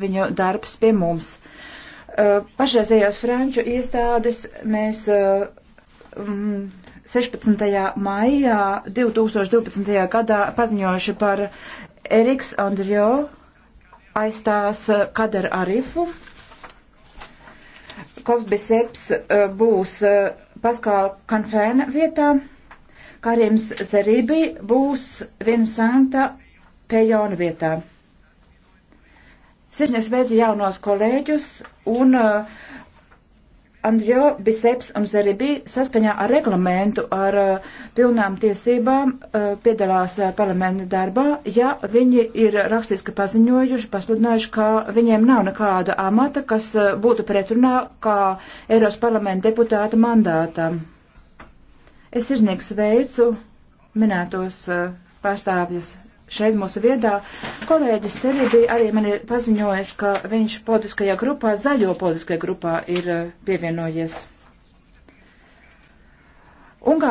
viņu darbs pie mums. Uh, pašreizējās franču iestādes mēs 16. Uh, mm, maijā 2012. gadā paziņojuši par Eriks Andrio aizstās uh, Kadar Arifu. Kovsbiseps būs Paskāla Kanfēna vietā. Karims Zeribi būs Vinsanta Pejona vietā. Sirsnieks veica jaunos kolēģus un uh, Andjo Biseps un Zeribī saskaņā ar reglamentu ar uh, pilnām tiesībām uh, piedalās uh, parlamenta darbā, ja viņi ir rakstiski paziņojuši, pasludinājuši, ka viņiem nav nekāda amata, kas uh, būtu pretrunā kā Eiros parlamenta deputāta mandātam. Es sirsnieks veicu minētos uh, pārstāvjus šeit mūsu viedā. Kolēģis Seribī arī man ir paziņojis, ka viņš politiskajā grupā, zaļo politiskajā grupā ir eh, pievienojies. Ungā